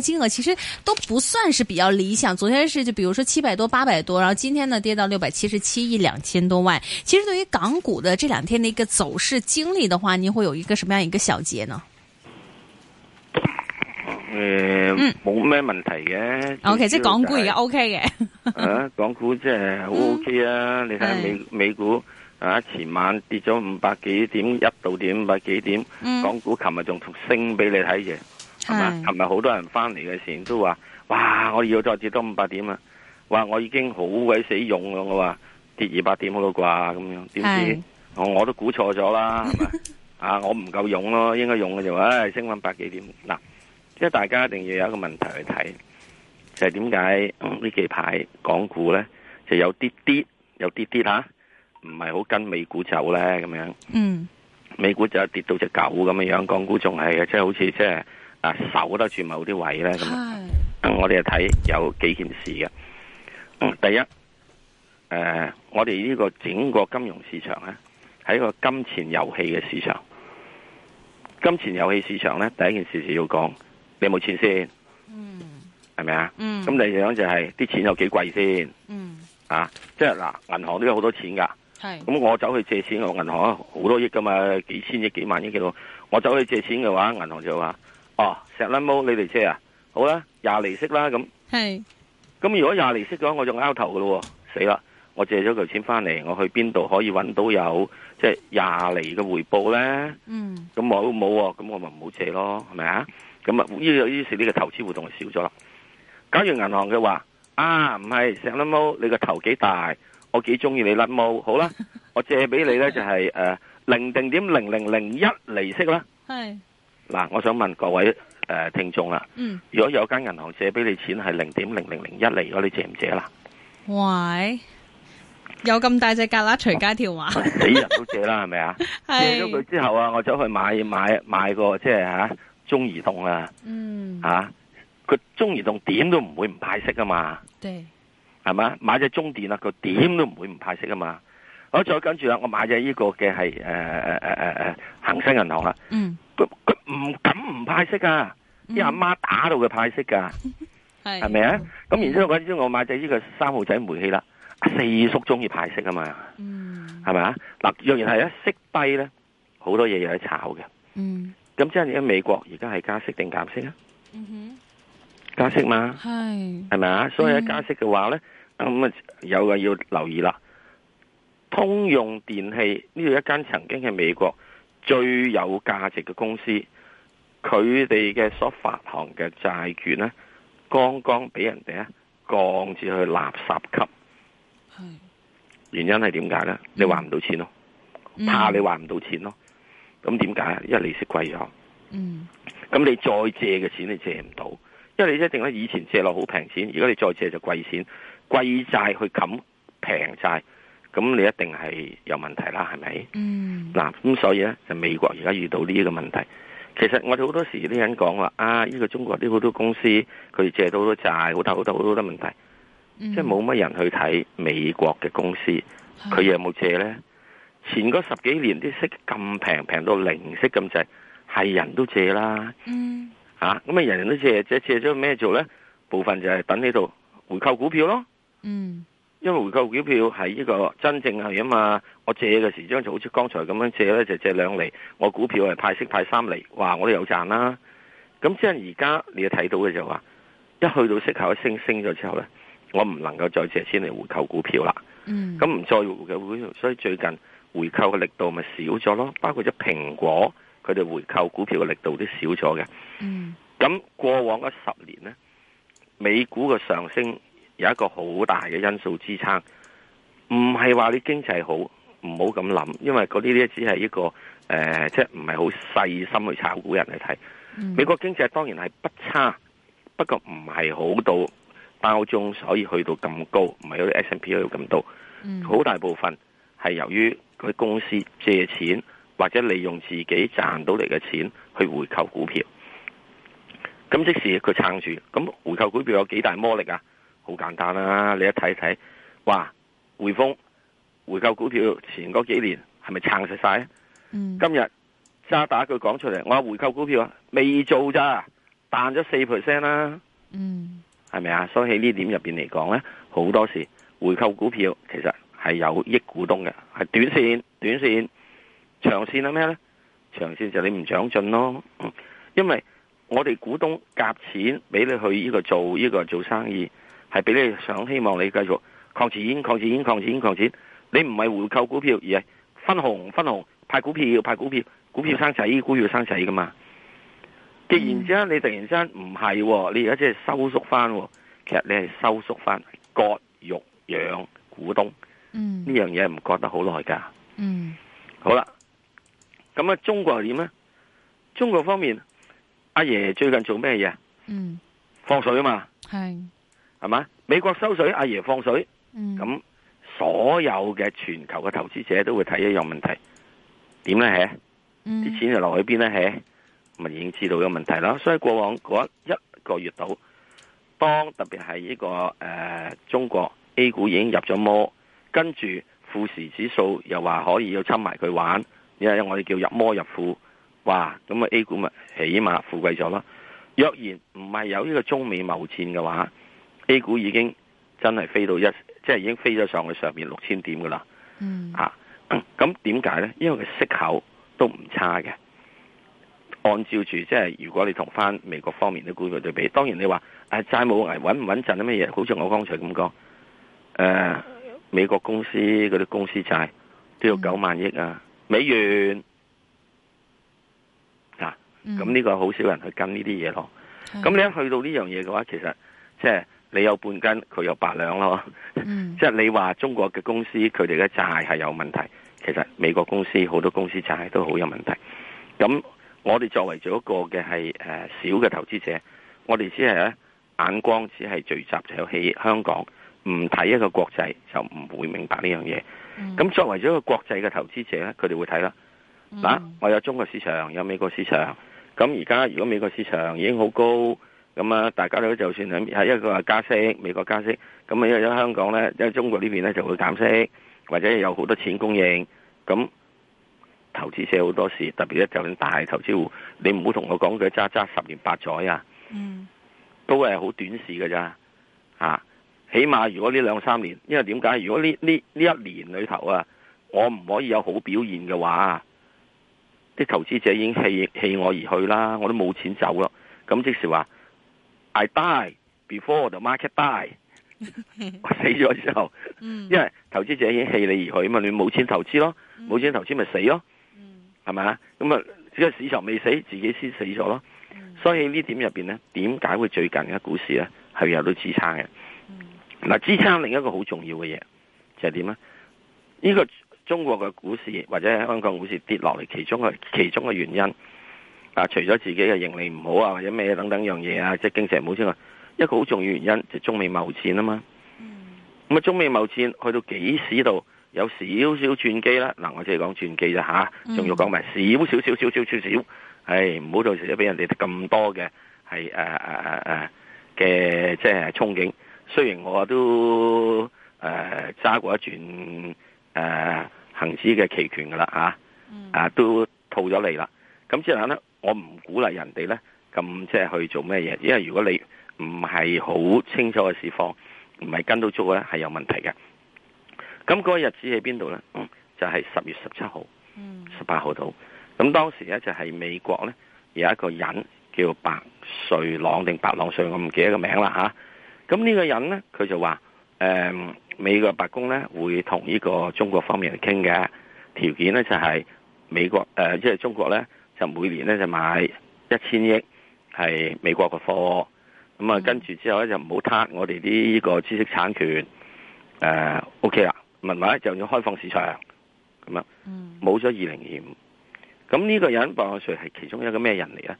金額其實都不算是比較理想。昨天是就比如說七百多、八百多，然後今天呢跌到六百七十七億兩千多萬。其實對於港股的這兩天的一個走勢經歷的話，你會有一個什麼樣一個小結呢？呃，冇咩問題嘅。嗯就是、o、okay, K，即係港股而家 O K 嘅。 啊，港股即係好 O K 啊！嗯、你睇下美美股、哎、啊，前晚跌咗五百幾點一度點五百幾點、嗯，港股琴日仲升俾你睇嘅。係咪？琴日好多人翻嚟嘅時都話，哇！我要再跌多五百點啊！哇，我已經好鬼死勇咯，我話跌二百點嗰個啩，咁樣，點知我都估錯咗啦，係嘛？ 啊，我唔夠勇咯，應該用嘅就話唉，升翻百幾點嗱。即係大家一定要有一個問題去睇，就係點解呢幾排港股咧就有啲啲，有啲啲。吓、啊，唔係好跟美股走咧咁樣。嗯，美股就跌到隻狗咁樣樣，港股仲係即係好似即係。啊，守得住某啲位咧咁、嗯，我哋就睇有幾件事嘅、嗯。第一，誒、呃，我哋呢個整個金融市場咧，係一個金錢遊戲嘅市場。金錢遊戲市場咧，第一件事就要講你有冇錢先，係咪啊？咁、嗯、第二樣就係、是、啲錢有幾貴先、嗯，啊，即係嗱，銀行都有好多錢噶，咁我走去借錢，我銀行好多億噶嘛，幾千億、幾萬億幾多，我走去借錢嘅話，銀行就話。哦，石甩毛你嚟車啊？好啦，廿厘息啦咁。係。咁如果廿厘息嘅話，我就拗頭噶咯，死啦！我借咗嚿錢翻嚟，我去邊度可以搵到有即係廿厘嘅回報咧？嗯。咁冇冇喎？咁我咪唔好借咯，係咪啊？咁啊，呢呢食呢個投資活動就少咗啦。假如銀行嘅話，啊唔係石甩毛，你個頭幾大？我幾中意你甩毛，好啦，我借俾你咧就係誒零定點零零零一利息啦。係。嗱，我想問各位誒、呃、聽眾啦、嗯，如果有間銀行借俾你錢係零點零零零一厘，你借唔借啦？喂，有咁大隻蛤乸隨街跳話、啊、死人都借啦，係咪啊？借咗佢之後啊，我走去買買買個即係吓中移動啊，嗯，吓、啊、佢中移動點都唔會唔派息噶嘛，對，係嘛？買隻中電啦，佢點都唔會唔派息噶嘛。好，再跟住啦，我買隻呢個嘅係誒誒誒誒誒恒生銀行啦、啊，嗯。佢唔敢唔派息噶、啊，啲阿媽打到佢派息噶，係係咪啊？咁、嗯啊嗯、然之後嗰陣我買隻呢個三號仔煤氣啦，四叔中意派息啊嘛，係、嗯、咪啊？嗱，若然係一息低咧，好多嘢有得炒嘅。咁、嗯、即係你喺美國而家係加息定減息啊、嗯？加息嘛，係係咪啊？所以一加息嘅話咧，咁、嗯、啊、嗯嗯、有嘅要留意啦。通用電器呢度一間曾經係美國最有價值嘅公司，佢哋嘅所發行嘅債券呢，剛剛俾人哋啊降至去垃圾級。是，原因係點解呢？你還唔到錢咯，怕你還唔到錢咯。咁點解？因為利息貴咗。嗯。咁你再借嘅錢你借唔到，因為你一定咧以前借落好平錢，如果你再借就貴錢，貴債去冚平債。咁你一定係有問題啦，係咪？嗯。嗱，咁所以咧，就是、美國而家遇到呢一個問題。其實我哋好多時啲人講話啊，呢、這個中國啲好多公司佢借到好多債，好多好多好多問題，嗯、即係冇乜人去睇美國嘅公司，佢有冇借咧？前嗰十幾年啲息咁平，平到零息咁滯，係人都借啦。嗯。啊，咁啊，人人都借，借借咗咩做咧？部分就係等呢度回購股票咯。嗯。因為回購股票係呢個真正係啊嘛，我借嘅時將就好似剛才咁樣借咧，就借兩厘，我股票係派息派三厘，哇，我都有賺啦。咁即係而家你要睇到嘅就話，一去到息口一升升咗之後咧，我唔能夠再借錢嚟回購股票啦。嗯。咁唔再回購股票，所以最近回購嘅力度咪少咗咯。包括咗蘋果，佢哋回購股票嘅力度都少咗嘅。嗯。咁過往嘅十年咧，美股嘅上升。有一個好大嘅因素支撐，唔係話你經濟好，唔好咁諗，因為嗰啲呢只係一個誒，即係唔係好細心去炒股人嚟睇、嗯。美國經濟當然係不差，不過唔係好到包中，所以去到咁高，唔係啲 S&P 有咁多。好、嗯、大部分係由於佢公司借錢或者利用自己賺到嚟嘅錢去回購股票。咁即時佢撐住，咁回購股票有幾大魔力啊？好簡單啦、啊，你一睇睇，嘩，匯豐回購股票前嗰幾年係咪撐實晒？今日渣打佢講出嚟，我話回購股票啊，未做咋，彈咗四 percent 啦，係咪啊？所以呢點入邊嚟講咧，好多時回購股票其實係有益股東嘅，係短線，短線，長線係咩咧？長線就你唔長進咯，因為我哋股東夾錢俾你去呢個做呢個做生意。係俾你想，希望你繼續擴錢、擴錢、擴錢、擴錢，錢。你唔係回購股票，而係分，分紅、分紅派股票、派股票，股票生仔，股票生仔噶嘛？既然之，你突然之間唔係，你而家即係收縮翻，哦。其實你係收縮翻，割肉養股東。嗯，呢樣嘢唔割得好耐噶。嗯，好啦。咁啊，中國係點咧？中國方面，阿爺最近做咩嘢？嗯，放水啊嘛。係。係嘛？美國收水，阿爺放水，咁、嗯、所有嘅全球嘅投資者都會睇一樣問題，點咧？嘿，啲、嗯、錢就落去邊咧？嘿，咪已經知道咗問題啦。所以過往嗰一個月度，當特別係呢個誒、呃、中國 A 股已經入咗摩，跟住富時指數又話可以要侵埋佢玩，因為我哋叫入摩入富，哇！咁啊 A 股咪起碼富貴咗咯。若然唔係有呢個中美貿戰嘅話，A 股已經真係飛到一，即、就、係、是、已經飛咗上去上面六千點噶啦。嗯。啊，咁點解咧？因為佢息口都唔差嘅。按照住即係如果你同翻美國方面啲股票對比，當然你話誒債務危穩唔穩陣啊乜嘢？好似我剛才咁講，誒、啊、美國公司嗰啲公司債都要九萬億啊、嗯、美元。嗱、啊，咁、嗯、呢、啊、個好少人去跟呢啲嘢咯。咁、嗯、你一去到呢樣嘢嘅話，其實即、就、係、是。你有半斤，佢有八兩咯。即係你話中國嘅公司，佢哋嘅債係有問題。其實美國公司好多公司債都好有問題。咁我哋作為咗一個嘅係誒小嘅投資者，我哋只係咧眼光只係聚集就喺香港，唔睇一個國際就唔會明白呢樣嘢。咁作為咗一個國際嘅投資者咧，佢哋會睇啦。嗱，啊，我有中國市場，有美國市場。咁而家如果美國市場已經好高。咁啊，大家都就算喺一個話加息，美國加息，咁啊，因為香港咧，因為中國呢邊咧就會減息，或者有好多錢供應，咁投資者好多時，特別咧，就算大投資戶，你唔好同我講佢揸揸十年八載啊，嗯，都係好短視嘅咋，嚇，起碼如果呢兩三年，因為點解？如果呢呢呢一年裏頭啊，我唔可以有好表現嘅話，啲投資者已經棄棄我而去啦，我都冇錢走咯，咁即是話。I die before the market die， 我死咗之後，嗯、因為投資者已經棄你而去啊嘛，你冇錢投資咯，冇錢投資咪死咯，係咪啊？咁啊，只係市場未死，自己先死咗咯。所以點面呢點入邊咧，點解會最近嘅股市咧係有到支撐嘅？嗱、嗯，支撐另一個好重要嘅嘢就係點啊？呢、這個中國嘅股市或者香港股市跌落嚟，其中嘅其中嘅原因。除咗自己嘅盈利唔好啊，或者咩等等樣嘢啊，即係經常唔好之外，一個好重要原因就是中美貿戰啊嘛。咁、嗯、啊，中美貿戰去到幾時度有少少轉機啦？嗱，我只係講轉機啫吓，仲、啊、要講埋、嗯、少少少少少少少，誒唔好到時俾人哋咁多嘅係誒嘅即係憧憬。雖然我都誒揸、呃、過一轉誒、呃、恆指嘅期權噶啦吓，啊、嗯、啊都套咗嚟啦，咁之後咧。我唔鼓勵人哋咧咁即係去做咩嘢，因為如果你唔係好清楚嘅市況，唔係跟到足咧，係有問題嘅。咁、那、嗰個日子喺邊度咧？嗯，就係、是、十月十七號，十八號到。咁當時咧就係美國咧有一個人叫白瑞朗定白朗瑞，我唔記得個名啦吓。咁呢個人咧佢就話，誒、嗯，美國白宮咧會同呢個中國方面嚟傾嘅條件咧就係、是、美國誒，即、呃、係、就是、中國咧。就每年咧就買一千億係美國嘅貨，咁啊跟住之後咧就唔好 touch 我哋啲呢個知識產權，誒 O K 啦，文化就要開放市場，咁樣冇咗二零二五，咁呢個人白邦瑞係其中一個咩人嚟咧？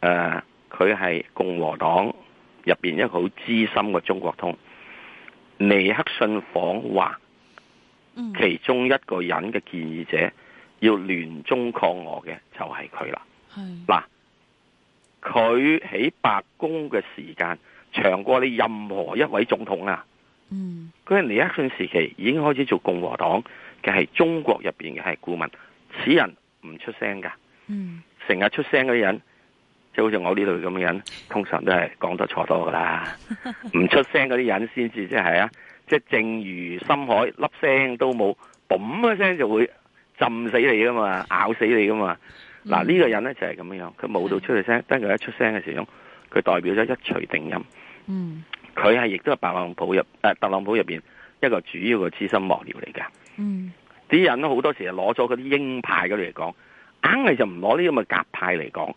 誒，佢係共和黨入邊一個好資深嘅中國通，尼克遜訪華，其中一個人嘅建議者。要聯中抗俄嘅就係佢啦。係嗱，佢喺白宮嘅時間長過你任何一位總統啊。嗯，佢喺尼克遜時期已經開始做共和黨嘅係中國入邊嘅係顧問。此人唔出聲㗎。嗯，成日出聲嗰啲人，即係好似我呢度咁嘅人，通常都係講得錯多㗎啦。唔 出聲嗰啲人先至即係啊，即係靜如深海，粒聲都冇，嘣嘅聲就會。浸死你噶嘛，咬死你噶嘛！嗱呢、mm. 個人咧就係、是、咁樣佢冇到出嚟聲，但佢一出聲嘅時候，佢代表咗一錘定音。嗯，佢係亦都係特朗普入誒、呃、特朗普入邊一個主要嘅資深幕僚嚟嘅。嗯，啲人都好多時係攞咗嗰啲鷹派嗰啲嚟講，硬係就唔攞呢咁嘅鴿派嚟講。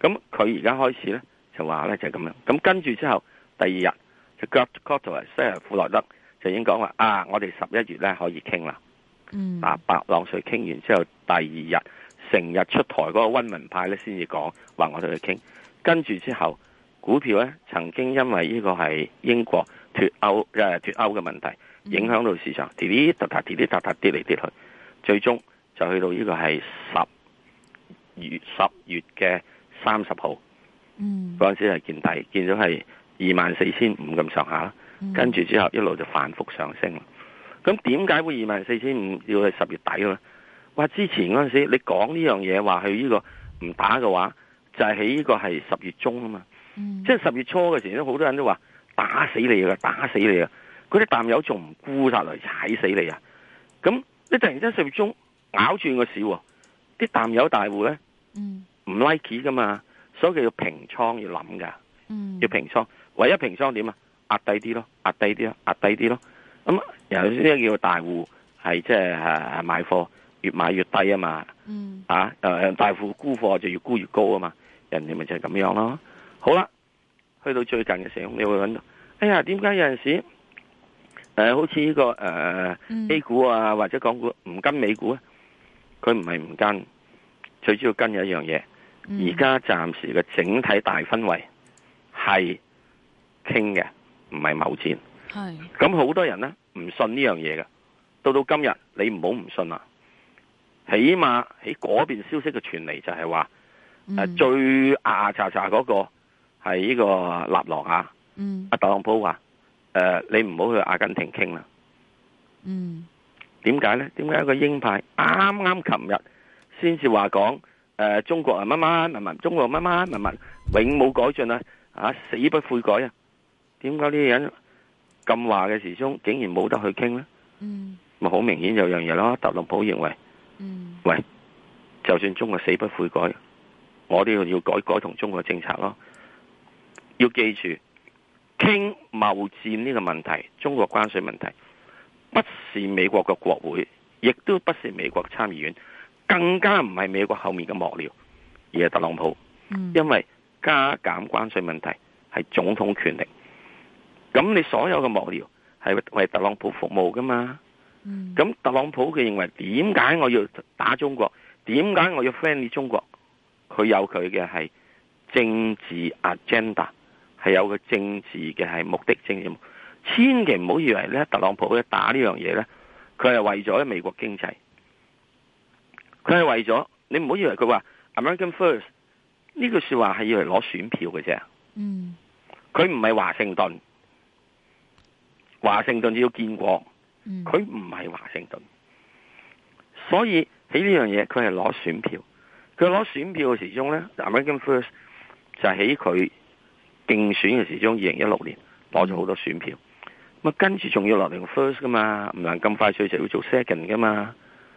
咁佢而家開始咧就話咧就係、是、咁樣，咁跟住之後第二日就 Gottschalk 同埋富萊德就已經講話啊，我哋十一月咧可以傾啦。嗯，嗱，白朗瑞傾完之後，第二日成日出台嗰個溫文派咧，先至講話我同佢去傾。跟住之後，股票咧曾經因為呢個係英國脫歐誒脫歐嘅問題，影響到市場，跌跌突突，跌跌突突跌嚟跌去，最終就去到呢個係十月十月嘅三十號。嗯，嗰陣時係見底，見到係二萬四千五咁上下啦。跟住之後一路就反覆上升咁點解會二萬四千五要係十月底咧？哇！之前嗰陣時你，你講呢樣嘢話，佢呢個唔打嘅話，就係喺呢個係十月中啊嘛。嗯、即係十月初嘅時候，都好多人都話打死你喇，打死你啊！嗰啲淡友仲唔沽晒嚟踩死你啊？咁你突然間十月中拗轉個市，啲淡友大戶咧，唔 like 噶嘛？所以佢要平倉要諗噶，要平倉。唯一平倉點啊？壓低啲咯，壓低啲咯，壓低啲咯。咁有啲叫大戶，係即係誒買貨，越買越低啊嘛。嗯。啊，誒、啊、大戶沽貨就越沽越高啊嘛。人哋咪就係咁樣咯。好啦，去到最近嘅時候，你會諗到，哎呀，點解有陣時誒、啊，好似呢、這個誒、啊嗯、A 股啊，或者港股唔跟美股啊？佢唔係唔跟，最主要跟有一樣嘢。而家暫時嘅整體大氛圍係傾嘅，唔係貿戰。係，咁好多人咧唔信呢樣嘢嘅。到到今日你唔好唔信，起碼邊，嗯呃、啊，查查啊！起碼喺嗰邊消息嘅傳嚟就係話，誒最牙牙查查嗰個係呢個納瓦羅啊，阿特朗普啊，誒、呃、你唔好去阿根廷傾啦。嗯，點解咧？點解一個鷹派啱啱琴日先至話講，誒中國啊，乜乜文文，中國乜乜文文，永冇改進啊，啊死不悔改啊，點解呢個人？咁話嘅時鐘竟然冇得去傾呢？咪、mm. 好明顯有樣嘢咯？特朗普認為，mm. 喂，就算中國死不悔改，我都要要改改同中國嘅政策咯。要記住，傾貿戰呢個問題，中國關稅問題，不是美國嘅國會，亦都不是美國嘅參議院，更加唔係美國後面嘅幕僚，而係特朗普，mm. 因為加減關稅問題係總統權力。咁你所有嘅幕僚係為特朗普服務噶嘛？咁、嗯、特朗普佢認為點解我要打中國？點解我要 friendly 中國？佢有佢嘅係政治 agenda，係有個政治嘅係目的政治目的。千祈唔好以為咧特朗普咧打呢樣嘢咧，佢係為咗美國經濟。佢係為咗你唔好以為佢話 American First 呢句說話係要嚟攞選票嘅啫。嗯。佢唔係華盛頓。華盛頓只要見過，佢唔係華盛頓，所以喺呢樣嘢，佢係攞選票，佢攞選票嘅時中咧，American First 就喺佢競選嘅時中，二零一六年攞咗好多選票。咁啊跟住仲要落嚟個 First 噶嘛，唔能咁快脆就要做 Second 噶嘛，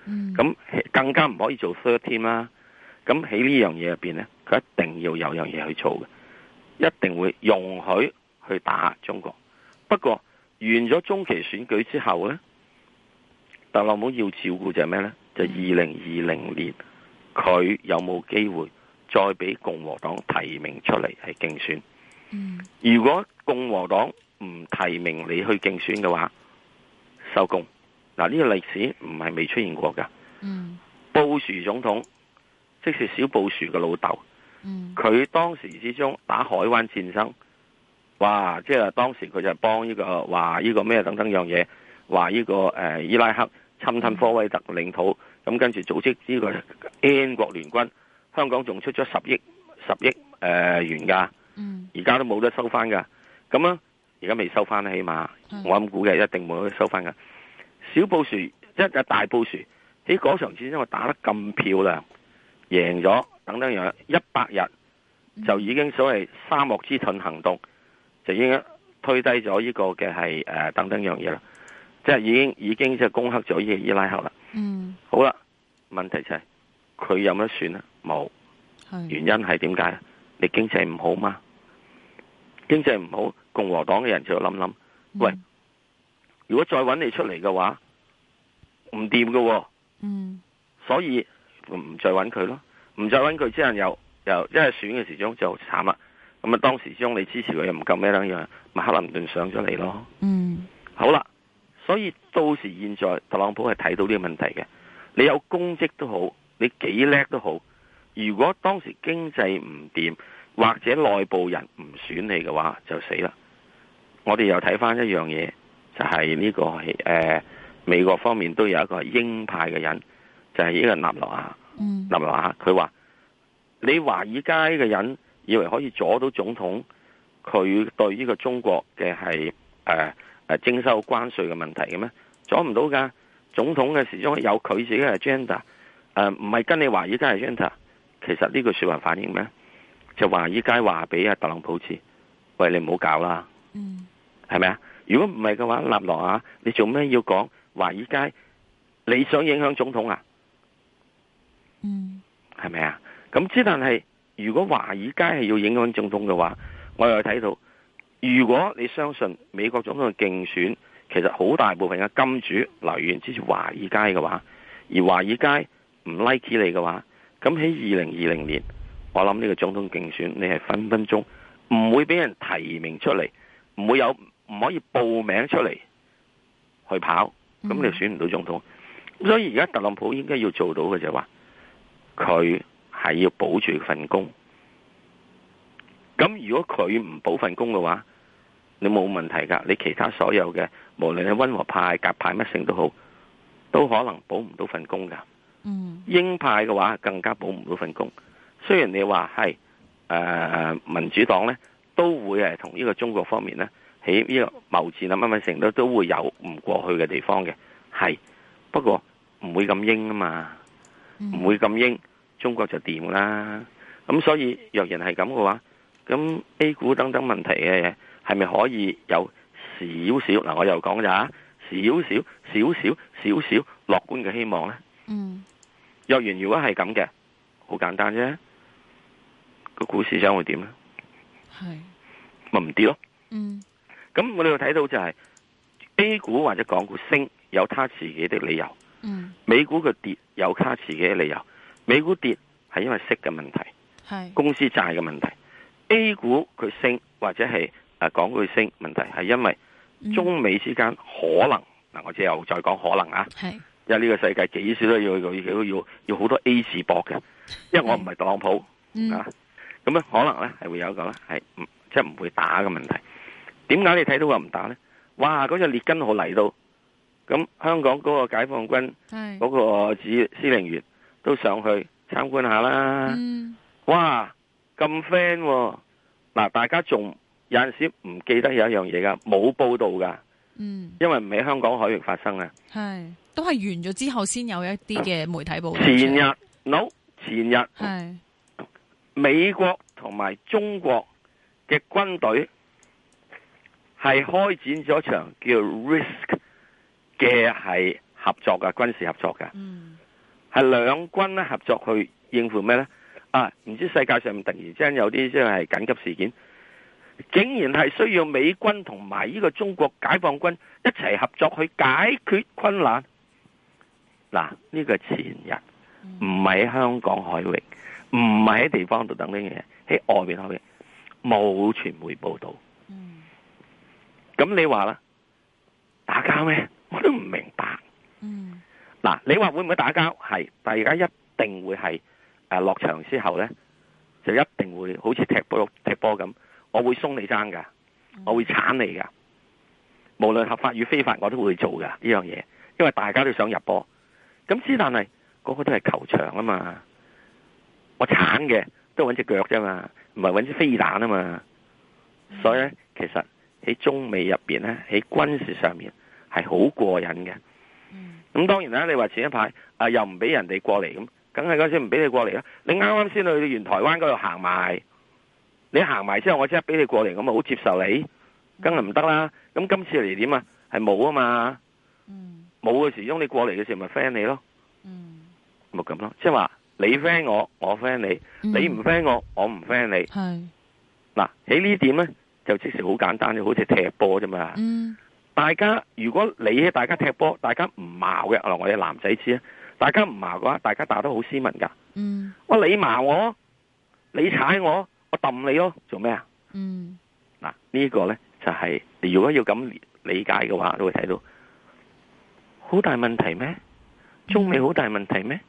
咁更加唔可以做 Third 添啦。咁喺呢樣嘢入邊咧，佢一定要有樣嘢去做嘅，一定會容許去打中國。不過，完咗中期選舉之後呢，特朗普要照顧就係咩呢？就二零二零年佢、mm. 有冇機會再俾共和黨提名出嚟去競選？Mm. 如果共和黨唔提名你去競選嘅話，收工。嗱、啊，呢、這個歷史唔係未出現過嘅。Mm. 布殊總統，即係小布殊嘅老豆。佢、mm. 當時之中打海灣戰爭。哇！即係當時佢就幫呢、這個話呢、這個咩等等樣嘢，話呢、這個誒、呃、伊拉克侵吞科威特領土，咁跟住組織呢個 N 國聯軍，香港仲出咗十億十億誒、呃、元噶，而家都冇得收翻噶。咁啊，而家未收翻起碼我咁估嘅一定冇得收翻噶。小布殊即係大布殊，喺嗰場戰爭我打得咁漂亮，贏咗等等樣，一百日就已經所謂沙漠之盾行動。就推就是呃、等等已經推低咗呢個嘅係誒等等樣嘢啦，即係已經已經即係攻克咗呢個伊拉克啦。嗯，好啦，問題就係、是、佢有乜選啊？冇，原因係點解？你經濟唔好嘛？經濟唔好，共和黨嘅人就諗諗、嗯，喂，如果再揾你出嚟嘅話，唔掂㗎。嗯，所以唔再揾佢咯，唔再揾佢之後又又一係選嘅時鐘就慘啦。咁啊！當時將你支持佢又唔夠咩等樣，咪克林頓上咗嚟咯。嗯。好啦，所以到時現在，特朗普係睇到呢個問題嘅。你有功績都好，你幾叻都好。如果當時經濟唔掂，或者內部人唔選你嘅話，就死啦。我哋又睇翻一樣嘢，就係、是、呢、這個係誒、呃、美國方面都有一個鷹派嘅人，就係、是、呢個納羅亞。嗯。納羅亞，佢話：你華爾街嘅人。以為可以阻到總統佢對呢個中國嘅係誒誒徵收關稅嘅問題嘅咩？阻唔到㗎！總統嘅始終有佢自己嘅 agenda，誒、啊、唔係跟你華爾街嘅 agenda。其實呢句說話反映咩？就華爾街話俾阿特朗普知，喂，你唔好搞啦，係咪啊？如果唔係嘅話，立落啊！你做咩要講華爾街？你想影響總統啊？嗯，係咪啊？咁之但係。如果華爾街係要影響總統嘅話，我有睇到，如果你相信美國總統嘅競選其實好大部分嘅金主來源支持華爾街嘅話，而華爾街唔 like 你嘅話，咁喺二零二零年，我諗呢個總統競選你係分分鐘唔會俾人提名出嚟，唔會有唔可以報名出嚟去跑，咁你選唔到總統。所以而家特朗普應該要做到嘅就係話佢。係要保住份工，咁如果佢唔保份工嘅話，你冇問題噶。你其他所有嘅，無論係溫和派、鴿派乜性都好，都可能保唔到份工噶。嗯，鷹派嘅話更加保唔到份工。雖然你話係誒民主黨咧，都會係同呢個中國方面咧喺呢個貿易戰啊乜乜成都都會有唔過去嘅地方嘅，係不過唔會咁鷹啊嘛，唔、嗯、會咁鷹。中國就掂啦，咁所以若然係咁嘅話，咁 A 股等等問題嘅嘢係咪可以有少少嗱？我又講咋少少少少少少樂觀嘅希望呢。嗯，若然如果係咁嘅，好簡單啫，個股市想會點呢？係咪唔跌咯？嗯，咁我哋又睇到就係、是嗯、A 股或者港股升有他自己的理由，嗯、美股嘅跌有他自己嘅理由。美股跌係因為息嘅問題，係公司債嘅問題。A 股佢升或者係誒講佢升問題係因為中美之間可能嗱、嗯，我之後再講可能啊。係因為呢個世界幾少都要要要好多 A 字博嘅，因為我唔係特朗普啊。咁、嗯、樣可能咧係會有一個係唔即係唔會打嘅問題。點解你睇到我唔打咧？哇！嗰、那、隻、個、列根號嚟到，咁香港嗰個解放軍嗰、那個指司令員。都上去參觀下啦、嗯！哇，咁 friend 嗱，大家仲有陣時唔記得有一樣嘢㗎，冇報道㗎，嗯，因為唔係香港海域發生嘅，係都係完咗之後先有一啲嘅媒體報。前日 no，前日美國同埋中國嘅軍隊係開展咗場叫 risk 嘅係合作嘅軍事合作嘅。嗯係兩軍咧合作去應付咩咧？啊，唔知世界上面突然之間有啲即係緊急事件，竟然係需要美軍同埋呢個中國解放軍一齊合作去解決困難。嗱，呢個前日唔係喺香港海域，唔係喺地方度等呢樣嘢，喺外邊海域冇傳媒報道。嗯，咁你話啦，打交咩？我都。嗱、啊，你話會唔會打交？係，大家一定會係誒落場之後咧，就一定會好似踢波踢波咁，我會鬆你爭噶，我會鏟你噶，無論合法與非法，我都會去做噶呢樣嘢，因為大家都想入波。咁之但係，嗰，那個都係球場啊嘛，我鏟嘅都搵隻隻腳啫嘛，唔係搵隻飛彈啊嘛。所以咧，其實喺中美入邊咧，喺軍事上面係好過癮嘅。咁、嗯、當然啦，你話前一排啊又唔俾人哋過嚟，咁，梗係嗰時唔俾你過嚟啦。你啱啱先去完台灣嗰度行埋，你行埋之後我即刻俾你過嚟，咁啊好接受你，梗係唔得啦。咁今次嚟點啊？係冇啊嘛，冇、嗯、嘅時鐘你過嚟嘅時候咪 friend 你咯，咪、嗯、咁咯，即係話你 friend 我，我 friend 你，嗯、你唔 friend 我，我唔 friend 你。係嗱，喺呢點咧，就即時好簡單，好似踢波啫嘛。嗯大家如果你大家踢波，大家唔矛嘅，我哋男仔知啊，大家唔矛嘅話，大家打得好斯文噶。嗯，我、哦、你鬧我，你踩我，我揼你咯，做咩啊？嗯，嗱、啊這個、呢個咧就係、你、如果要咁理解嘅話，都會睇到好大問題咩？中美好大問題咩、嗯？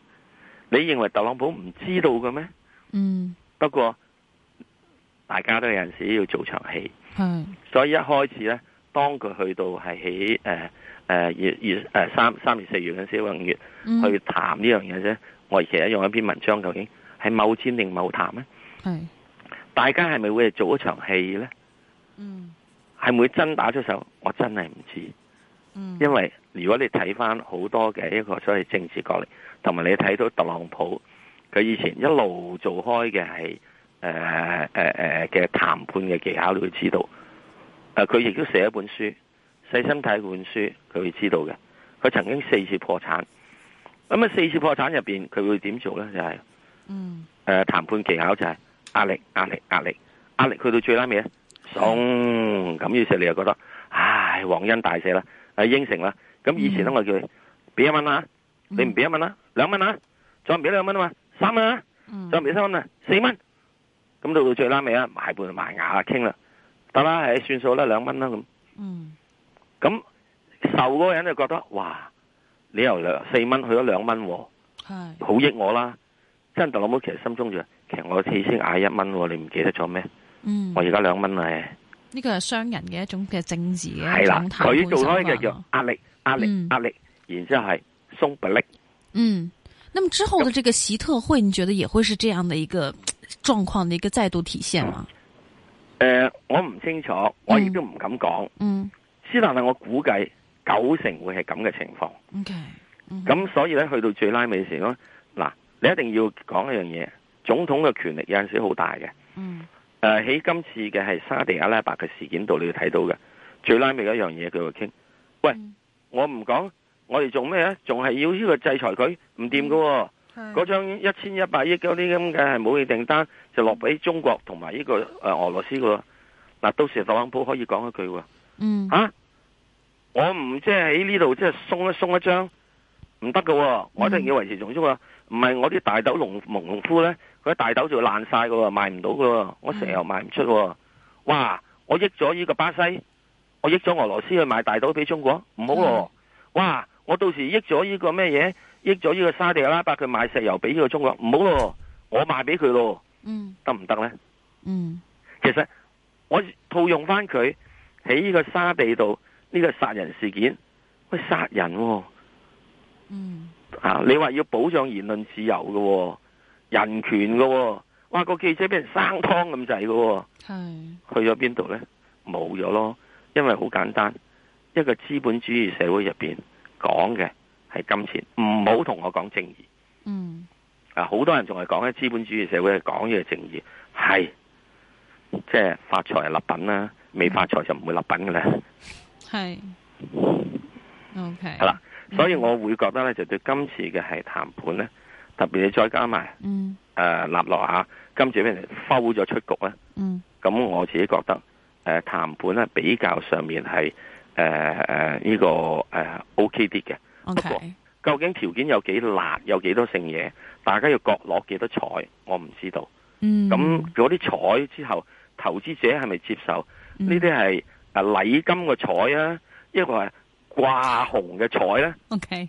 你認為特朗普唔知道嘅咩？嗯，不過大家都有陣時候要做場戲，所以一開始咧。當佢去到係喺誒二三三月四、呃、月嘅四月，五月、mm. 去談呢樣嘢啫，我而家用一篇文章究竟係貿戰定貿談咧？大家係咪會係做一場戲咧？嗯，係咪會真打出手？我真係唔知，mm. 因為如果你睇翻好多嘅一個所謂政治角力，同埋你睇到特朗普佢以前一路做開嘅係誒誒嘅談判嘅技巧，你會知道。誒、啊，佢亦都寫一本書，細心睇本書，佢會知道嘅。佢曾經四次破產，咁啊四次破產入邊，佢會點做咧？就係、是、誒、嗯、談、啊、判技巧就係、是、壓力、壓力、壓力、壓力，去到最拉尾呢，送。咁於是你又覺得，唉，皇恩大赦啦，係應承啦。咁以前都我叫佢，俾、嗯、一蚊啦、啊，你唔俾一蚊啦、啊，兩蚊啦，再唔俾兩蚊啊嘛，三蚊啦、啊，再唔俾三蚊啦、啊，四蚊。咁、嗯、到到最拉尾啊，賣半埋牙啦，傾啦。得啦，算數啦，兩蚊啦咁。嗯。咁受嗰個人就覺得，哇！你由兩四蚊去咗兩蚊，係好益我啦。真的特朗普其實心中就是，其實我次先嗌一蚊，哦，你唔記得咗咩？嗯。我而家兩蚊啦。呢個係商人嘅一種嘅政治嘅狀態。係啦，佢做開就叫壓力、壓力、壓力，嗯、然之後係鬆不力，嗯。嗯，那麼之後嘅這個習特會，你覺得也會是這樣的一個狀況的一個再度體現嗎？嗯誒、呃，我唔清楚，我亦都唔敢講、嗯。嗯，但係我估計九成會係咁嘅情況。O、okay, 咁、嗯、所以咧去到最拉尾時咯，嗱，你一定要講一樣嘢，總統嘅權力有陣時好大嘅。嗯，誒、呃，喺今次嘅係沙地阿拉伯嘅事件度，你要睇到嘅最拉尾嘅一樣嘢，佢就傾，喂，我唔講，我哋做咩啊？仲係要呢個制裁佢？唔掂噶。嗯嗰張一千一百億嗰啲咁嘅係武器訂單就落俾中國同埋呢個誒俄羅斯噶嗱，到時特朗普可以講一句喎，嗯，啊，我唔即係喺呢度即係鬆一鬆一張，唔得噶我一定要維持重中之重，唔係我啲大豆農農農夫咧，佢啲大豆就爛晒噶賣唔到噶我成日賣唔出，哇，我益咗呢個巴西，我益咗俄羅斯去賣大豆俾中國，唔好喎，嗯，哇，我到時益咗呢個咩嘢，益咗呢個沙地阿拉伯佢買石油俾呢個中國，唔好咯，我賣俾佢咯，得唔得咧？其實我套用翻佢喺呢個沙地度呢個殺人事件，喂殺人、哦嗯，啊，你話要保障言論自由嘅、哦，人權嘅、哦，哇、嗰個記者俾人生湯咁滯嘅，係去咗邊度咧？冇咗咯，因為好簡單，一個資本主義社會入邊講嘅。係金錢，唔好同我講正義。嗯。啊，好多人仲係講咧，資本主義社會係講嘢正義，係即係發財係立品啦，未發財就唔會立品嘅咧。係、嗯。O K。係、okay，啦，所以我會覺得咧，就對今次嘅係談判咧，特別你再加埋，誒，立落下今次俾人收咗出局咧。嗯。咁、呃嗯、我自己覺得，誒、呃，談判咧比較上面係，誒、呃、誒，呢、呃這個誒 O K 啲嘅。呃 OK Okay. 不過究竟條件有幾辣，有幾多性嘢，大家要各攞幾多彩，我唔知道。嗯，咁嗰啲彩之後，投資者係咪接受？呢啲係啊禮金嘅彩啊，一個係掛紅嘅彩咧、啊。OK。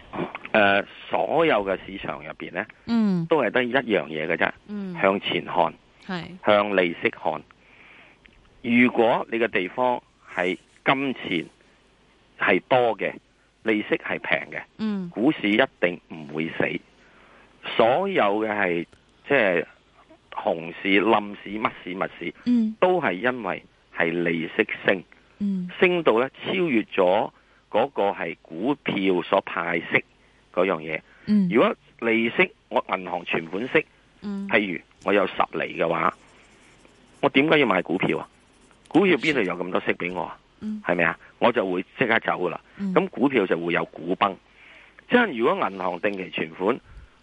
誒、呃，所有嘅市場入邊呢，嗯，都係得一樣嘢嘅啫，向前看，係向利息看。如果你嘅地方係金錢係多嘅，利息係平嘅，嗯，股市一定唔會死。所有嘅係即係熊市、冧市、乜市、乜市，嗯，都係因為係利息升，嗯，升到呢超越咗嗰個係股票所派息。嗰樣嘢、嗯，如果利息我銀行存款息、嗯，譬如我有十厘嘅話，我點解要買股票啊？股票邊度有咁多息俾我啊？係咪啊？我就會即刻走噶啦。咁、嗯、股票就會有股崩。即、就、係、是、如果銀行定期存款誒、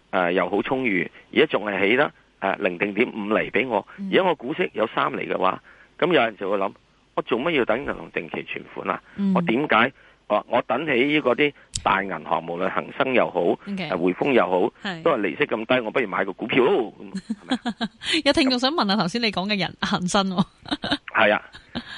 呃、又好充裕，而家仲係起得誒零定點五厘俾我，嗯、而家我股息有三厘嘅話，咁有人就會諗：我做乜要等銀行定期存款啊？嗯、我點解？我等起呢個啲大銀行，無論恒生又好，okay. 啊、匯豐又好，都係利息咁低，我不如買個股票。 係唔係 有聽眾想問下頭先你講嘅人，恒生。係 啊，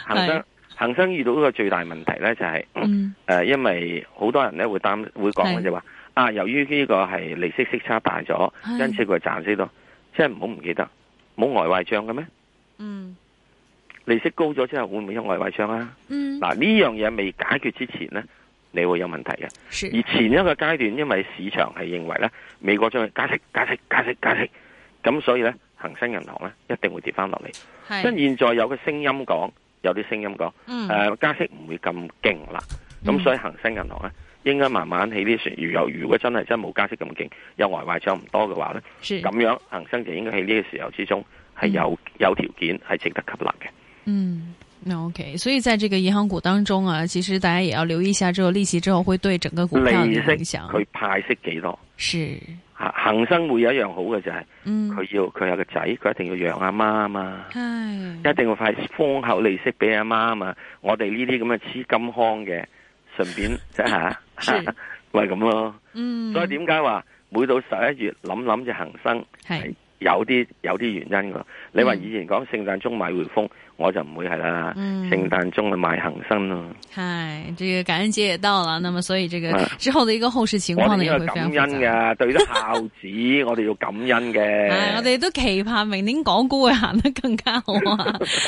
恒生，恒生遇到一個最大問題咧、就是，就係誒，因為好多人咧會擔會講嘅就話，啊，由於呢個係利息,息息差大咗，因此佢賺息多，即係唔好唔記得，冇呆壞賬嘅咩？嗯。利息高咗之後會唔會有外壞賬啊？嗱、嗯、呢、啊、樣嘢未解決之前呢，你會有問題嘅。而前一個階段因為市場係認為呢美國將會加息、加息、加息、加息，咁所以呢，恒生銀行呢一定會跌翻落嚟。咁現在有個聲音講，有啲聲音講、嗯呃，加息唔會咁勁啦，咁、嗯、所以恒生銀行呢應該慢慢起啲船。如又如果真係真冇加息咁勁，有外壞賬唔多嘅話呢，咁樣恒生就應該喺呢個時候之中係有、嗯、有條件係值得吸納嘅。嗯，OK，所以在這個銀行股當中啊，其實大家也要留意一下，之、這、後、個、利息之後會對整個股票嘅影響。佢派息幾多？是，恒生會有一樣好嘅就係、是，佢要佢有個仔，佢一定要養阿媽啊嘛，係，一定要派豐厚利息俾阿媽啊嘛。我哋呢啲咁嘅黐金康嘅，順便即係，係，喂、啊、咁、就是、咯。嗯，所以點解話每到十一月諗諗就恒生係。有啲有啲原因噶，你話以前講聖誕鐘買匯豐、嗯，我就唔會係啦。聖、嗯、誕鐘去買恒生咯。係、哎，這個感恩節也到啦，那麼所以這個之後的一個後市情況呢，會非常。我感恩嘅，對於孝子， 我哋要感恩嘅、哎。我哋都期盼明年港股會行得更加好啊！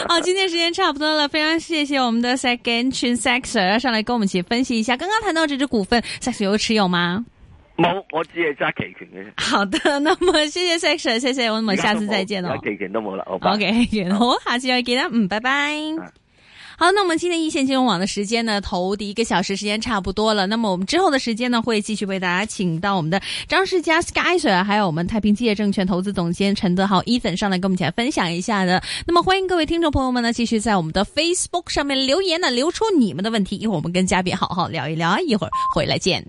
好、 哦，今天時間差不多啦，非常謝謝我們的石鏡泉石 Sir 上嚟跟我們一起分析一下，剛剛談到這隻股份，石 Sir 有持有嗎？我只係揸期權嘅。好的，那麼謝謝 s e x t o n 謝謝，我們下次再見咯。揸期權都冇啦，O K，好，下次再見啦，嗯，拜拜、啊。好，那麼今天一線金融網的時間呢，頭第一個小時時間差不多了。那麼我們之後的時間呢，會繼續為大家請到我們的張世家 Sky Sir 還有我們太平基業證券投資總監陳德豪 Ethan 上來跟我們一齊分享一下的。那麼歡迎各位聽眾朋友們呢，繼續在我們的 Facebook 上面留言呢，留出你們的問題，一會兒我們跟嘉賓好好聊一聊，一會兒回來見。